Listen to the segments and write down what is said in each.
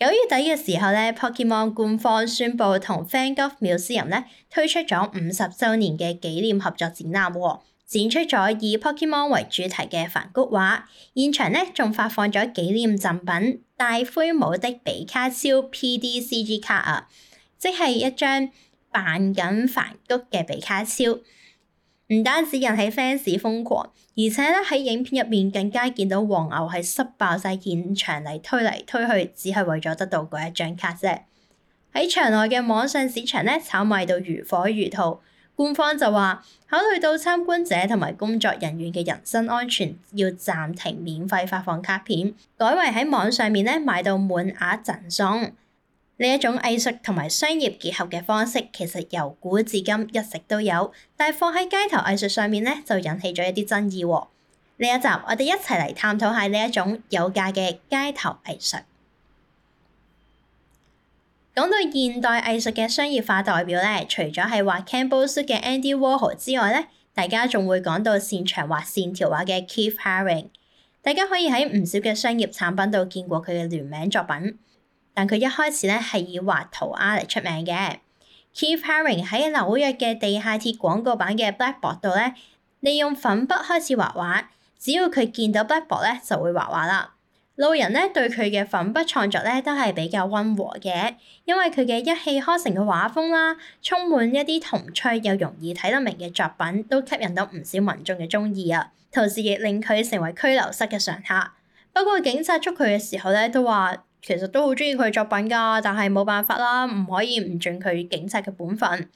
九月底嘅時候咧，Pokemon 官方宣布同 Van Gogh Museum 推出咗五十週年嘅紀念合作展覽，展出咗以 Pokemon 為主題嘅梵谷畫。現場咧仲發放咗紀念贈品大灰帽的比卡超 P D C G 卡啊，即係一張扮緊梵谷嘅比卡超。唔單止人喺 fans 瘋狂，而且咧喺影片入面更加見到黃牛喺塞爆晒現場嚟推嚟推去，只係為咗得到嗰一張卡啫。喺場外嘅網上市場咧炒賣到如火如荼，官方就話考慮到參觀者同埋工作人員嘅人身安全，要暫停免費發放卡片，改為喺網上面咧買到滿額贈送。呢一種藝術同埋商業結合嘅方式，其實由古至今一直都有，但係放喺街頭藝術上面咧，就引起咗一啲爭議喎。呢一集我哋一齊嚟探討下呢一種有價嘅街頭藝術。講到現代藝術嘅商業化代表咧，除咗係畫 Campbell's 嘅 Andy Warhol 之外咧，大家仲會講到擅長畫線條畫嘅 Keith Haring，大家可以喺唔少嘅商業產品度見過佢嘅聯名作品。但佢一開始咧係以畫塗鴉嚟出名嘅。Keith Haring 喺紐約嘅地下鐵廣告版嘅 blackboard 度咧，利用粉筆開始畫畫。只要佢見到 blackboard 咧，就會畫畫啦。路人咧對佢嘅粉筆創作咧都係比較溫和嘅，因為佢嘅一氣呵成嘅畫風啦，充滿一啲童趣又容易睇得明嘅作品，都吸引到唔少民眾嘅中意啊。同時亦令佢成為拘留室嘅常客。不過警察捉佢嘅時候咧，都話。其實都好中意佢作品噶，但係冇辦法啦，唔可以唔盡佢警察嘅本分。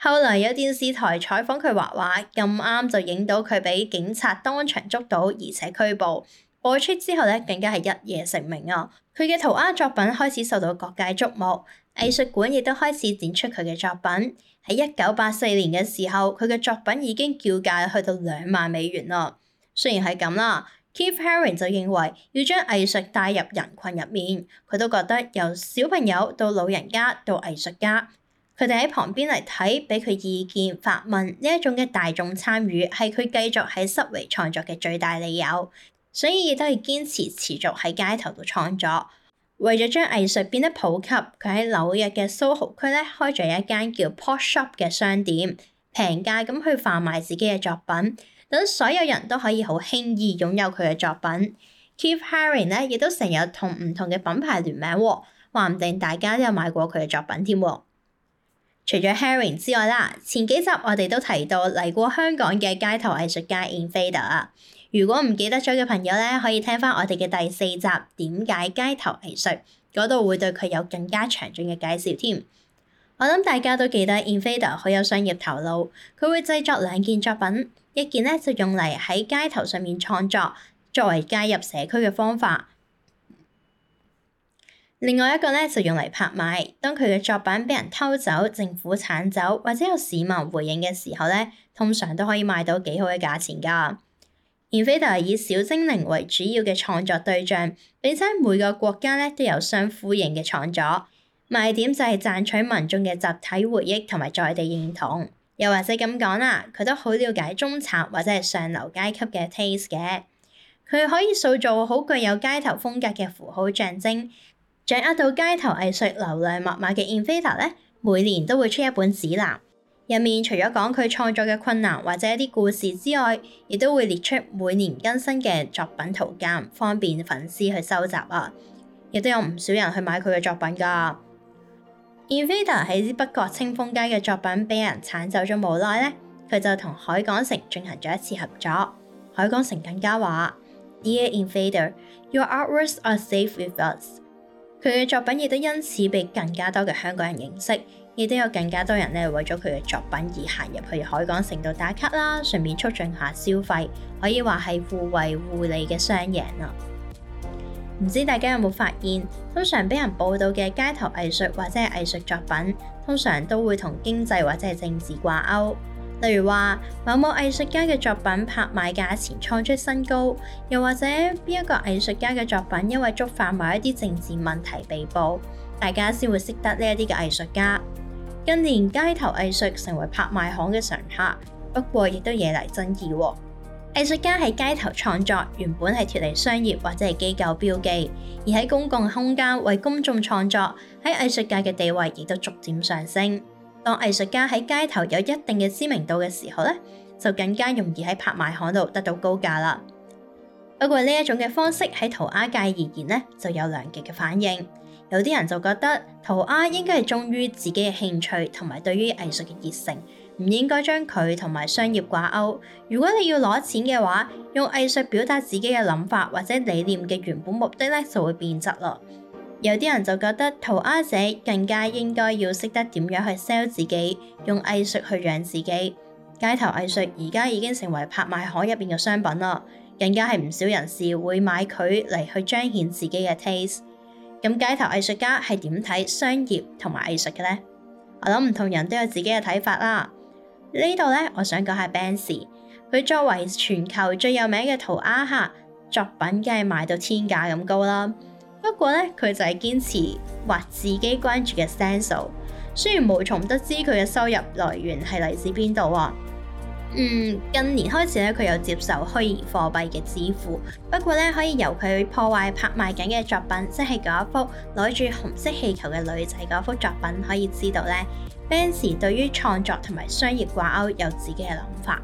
後嚟有電視台採訪佢畫畫，咁啱就影到佢俾警察當場捉到，而且拘捕。播出之後咧，更加係一夜成名啊！佢嘅塗鴉作品開始受到各界矚目，藝術館亦都開始展出佢嘅作品。喺一九八四年嘅時候，佢嘅作品已經叫價去到兩萬美元啦。雖然係咁啦。Keith Haring 就認為要將藝術帶入人群入面，佢都覺得由小朋友到老人家到藝術家，佢哋喺旁邊嚟睇，俾佢意見、發問呢一種嘅大眾參與係佢繼續喺 Subway 創作嘅最大理由，所以亦都係堅持持續喺街頭度創作，為咗將藝術變得普及，佢喺紐約嘅 SoHo 區咧開咗一間叫 Pop Shop 嘅商店，平價咁去販賣自己嘅作品。等所有人都可以好輕易擁有佢嘅作品，Keith Haring 咧，亦都成日同唔同嘅品牌聯名喎，話唔定大家都有買過佢嘅作品添。除咗 Haring 之外啦，前幾集我哋都提到嚟過香港嘅街頭藝術家 Invader 啊，如果唔記得咗嘅朋友咧，可以聽翻我哋嘅第四集，點解街頭藝術嗰度會對佢有更加詳盡嘅介紹添。我諗大家都記得 Invader 好有商業頭腦，佢會製作兩件作品，一件呢就用嚟喺街頭上面創作，作為介入社區嘅方法；另外一個呢就用嚟拍賣。當佢嘅作品俾人偷走、政府鏟走或者有市民回應嘅時候呢，通常都可以賣到幾好嘅價錢㗎。Invader 以小精靈為主要嘅創作對象，並且每個國家咧都有相呼應嘅創作。賣點就係賺取民眾嘅集體回憶同埋在地認同，又或者咁講啦，佢都好了解中產或者係上流階級嘅 taste 嘅。佢可以塑造好具有街頭風格嘅符號象徵，掌握到街頭藝術流量密碼嘅 Invader，每年都會出一本指南，入面除咗講佢創作嘅困難或者一啲故事之外，亦都會列出每年更新嘅作品圖鑑，方便粉絲去收集啊。亦都有唔少人去買佢嘅作品㗎。i n f e d e r 喺北角清風街嘅作品俾人鏟走咗，冇耐咧，佢就同海港城進行咗一次合作。海港城更加話 Dear Invader Your artworks are safe with us。佢嘅作品亦都因此被更加多嘅香港人認識，亦都有更加多人咧為咗佢嘅作品而行入去海港城度打卡啦，順便促進下消費，可以話係互惠互利嘅雙贏啦。唔知大家有冇發現，通常俾人報道嘅街頭藝術或者係藝術作品，通常都會同經濟或者係政治掛鈎。例如話，某某藝術家嘅作品拍賣價錢創出新高，又或者邊一個藝術家嘅作品因為觸犯某一啲政治問題被捕，大家先會識得呢一啲嘅藝術家。近年街頭藝術成為拍賣行嘅常客，不過亦都惹嚟爭議喎。藝術家喺街頭創作，原本係脫離商業或者係機構標記，而喺公共空間為公眾創作，喺藝術界嘅地位亦都逐漸上升。當藝術家喺街頭有一定嘅知名度嘅時候咧，就更加容易喺拍賣行度得到高價啦。不過呢一種嘅方式喺塗鴉界而言咧，就有兩極嘅反應。有啲人就覺得塗鴉應該係忠於自己嘅興趣同埋對於藝術嘅熱誠。唔應該將佢同埋商業掛鈎。如果你要攞錢嘅話，用藝術表達自己嘅諗法或者理念嘅原本目的咧，就會變質咯。有啲人就覺得，塗鴉者更加應該要識得點樣去 sell 自己，用藝術去養自己。街頭藝術而家已經成為拍賣行入邊嘅商品啦，更加係唔少人士會買佢嚟去彰顯自己嘅 taste。咁街頭藝術家係點睇商業同埋藝術嘅呢？我諗唔同人都有自己嘅睇法啦。呢度咧，我想講下 Banksy，佢作為全球最有名嘅塗鴉客，作品梗係賣到天價咁高啦。不過咧，佢就係堅持畫自己關注嘅 s 元素，雖然無從得知佢嘅收入來源係嚟自邊度啊。嗯，近年開始咧，佢又接受虛擬貨幣嘅支付，不過咧，可以由佢破壞拍賣緊嘅作品，即係嗰一幅攞住紅色氣球嘅女仔嗰幅作品，可以知道咧。Banksy 對於創作同埋商業掛鈎有自己嘅諗法，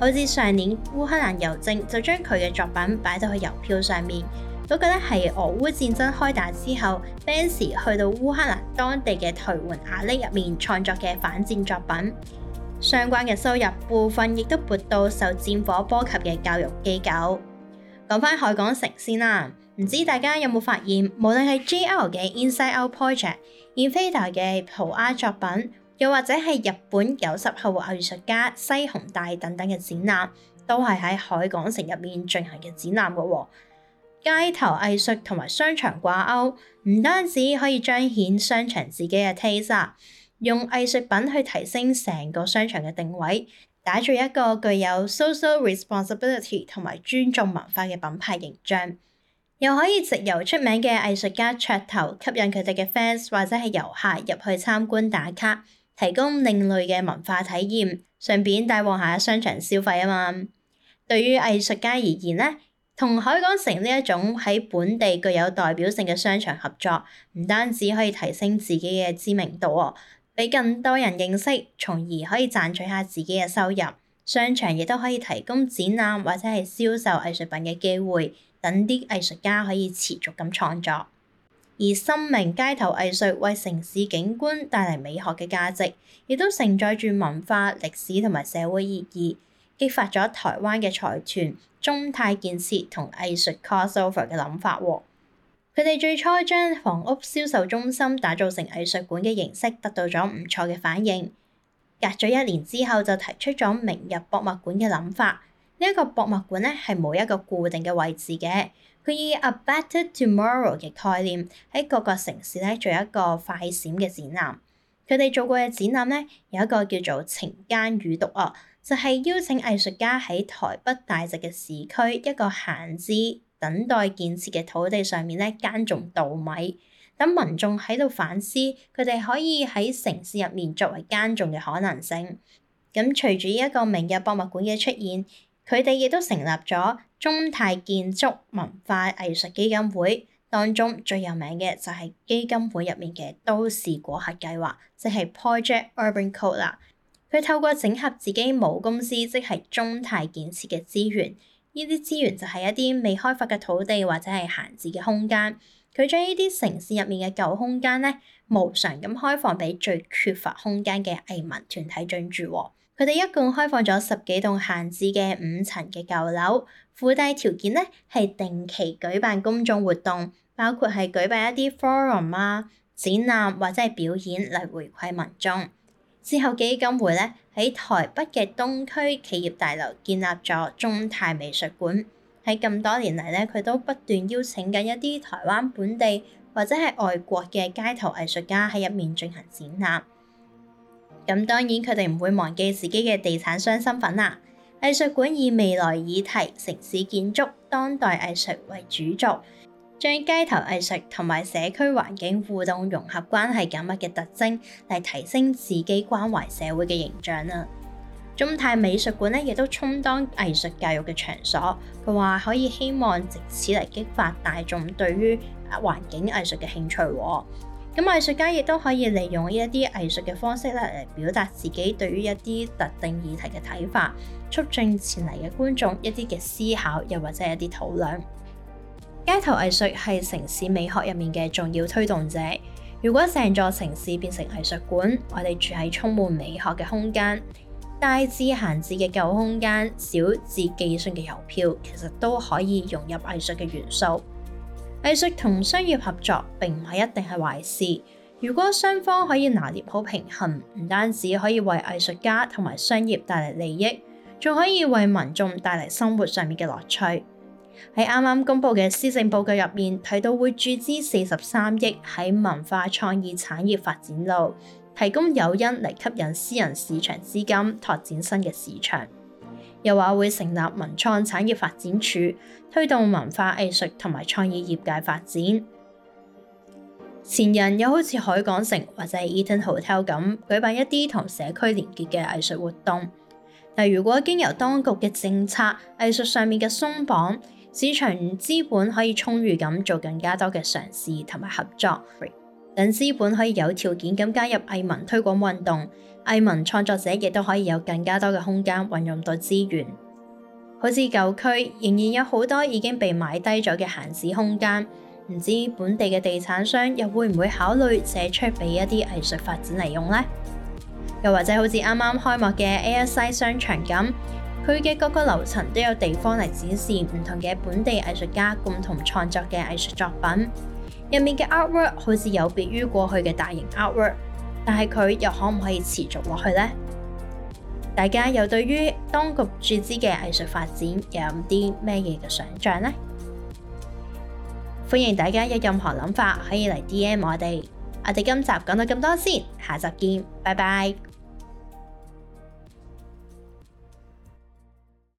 好似上年烏克蘭郵政就將佢嘅作品擺到去郵票上面。嗰個咧係俄烏戰爭開打之後，Banksy 去到烏克蘭當地嘅頹垣敗瓦入面創作嘅反戰作品，相關嘅收入部分亦都撥到受戰火波及嘅教育機構。講翻海港城先啦。唔知大家有冇發現，無論係 g l 嘅 Inside Out Project、Invader 嘅葡亞作品，又或者係日本九十後藝術家西紅帶等等嘅展覽，都係喺海港城入面進行嘅展覽嘅喎。街頭藝術同埋商場掛鈎，唔單止可以彰顯商場自己嘅 taste，用藝術品去提升成個商場嘅定位，打造一個具有 social responsibility 同埋尊重文化嘅品牌形象。又可以藉由出名嘅藝術家噱頭，吸引佢哋嘅 fans 或者係遊客入去參觀打卡，提供另類嘅文化體驗，順便帶旺下商場消費啊嘛。對於藝術家而言咧，同海港城呢一種喺本地具有代表性嘅商場合作，唔單止可以提升自己嘅知名度喎，俾更多人認識，從而可以賺取下自己嘅收入。商場亦都可以提供展覽或者係銷售藝術品嘅機會。等啲藝術家可以持續咁創作，而深明街頭藝術為城市景觀帶嚟美學嘅價值，亦都承載住文化、歷史同埋社會意義，激發咗台灣嘅財團、中泰建設同藝術 cross over 嘅諗法喎。佢哋最初將房屋銷售中心打造成藝術館嘅形式，得到咗唔錯嘅反應。隔咗一年之後，就提出咗明日博物館嘅諗法。呢一個博物館咧，係冇一個固定嘅位置嘅，佢以 A Better Tomorrow 嘅概念喺各個城市咧，做一個快閃嘅展覽。佢哋做過嘅展覽咧，有一個叫做晴耕雨讀啊，就係、是、邀請藝術家喺台北大直嘅市區一個閒置等待建設嘅土地上面咧，耕種稻米，等民眾喺度反思佢哋可以喺城市入面作為耕種嘅可能性。咁隨住呢一個明日博物館嘅出現。佢哋亦都成立咗中泰建築文化藝術基金會，當中最有名嘅就係基金會入面嘅都市果核計劃，即係 Project Urban Core 啦。佢透過整合自己母公司即係中泰建設嘅資源，呢啲資源就係一啲未開發嘅土地或者係閒置嘅空間。佢將呢啲城市入面嘅舊空間咧，無償咁開放俾最缺乏空間嘅藝文團體進駐。佢哋一共開放咗十幾棟閒置嘅五層嘅舊樓，附帶條件咧係定期舉辦公眾活動，包括係舉辦一啲 forum 啊、展覽或者係表演嚟回饋民眾。之後基金會咧，喺台北嘅東區企業大樓建立咗中泰美術館，喺咁多年嚟咧佢都不斷邀請緊一啲台灣本地或者係外國嘅街頭藝術家喺入面進行展覽。咁當然，佢哋唔會忘記自己嘅地產商身份啦。藝術館以未來議題、城市建築、當代藝術為主軸，將街頭藝術同埋社區環境互動融合關係緊密嘅特徵，嚟提升自己關懷社會嘅形象啦。忠泰美術館咧亦都充當藝術教育嘅場所，佢話可以希望藉此嚟激發大眾對於環境藝術嘅興趣。咁藝術家亦都可以利用呢一啲藝術嘅方式咧，嚟表達自己對於一啲特定議題嘅睇法，促進前嚟嘅觀眾一啲嘅思考，又或者一啲討論。街頭藝術係城市美學入面嘅重要推動者。如果成座城市變成藝術館，我哋住喺充滿美學嘅空間，大至閒置嘅舊空間，小至寄信嘅郵票，其實都可以融入藝術嘅元素。藝術同商業合作並唔係一定係壞事，如果雙方可以拿捏好平衡，唔單止可以為藝術家同埋商業帶嚟利益，仲可以為民眾帶嚟生活上面嘅樂趣。喺啱啱公布嘅施政報告入面，提到會注資四十三億喺文化創意產業發展路，提供誘因嚟吸引私人市場資金拓展新嘅市場。又話會成立文創產業發展處，推動文化藝術同埋創意業界發展。前人又好似海港城或者係、e、Eaton Hotel 咁，舉辦一啲同社區連結嘅藝術活動。但如果經由當局嘅政策、藝術上面嘅鬆綁、市場資本可以充裕咁做更加多嘅嘗試同埋合作，等資本可以有條件咁加入藝文推廣運動。藝文創作者亦都可以有更加多嘅空間運用到資源，好似舊區仍然有好多已經被買低咗嘅閒置空間，唔知本地嘅地產商又會唔會考慮借出俾一啲藝術發展嚟用呢？又或者好似啱啱開幕嘅 ASI 商場咁，佢嘅各個樓層都有地方嚟展示唔同嘅本地藝術家共同創作嘅藝術作品，入面嘅 Artwork 好似有別於過去嘅大型 Artwork。但係佢又可唔可以持續落去呢？大家又對於當局注資嘅藝術發展有啲咩嘢嘅想象呢？歡迎大家有任何諗法可以嚟 DM 我哋。我哋今集講到咁多先，下集見，拜拜。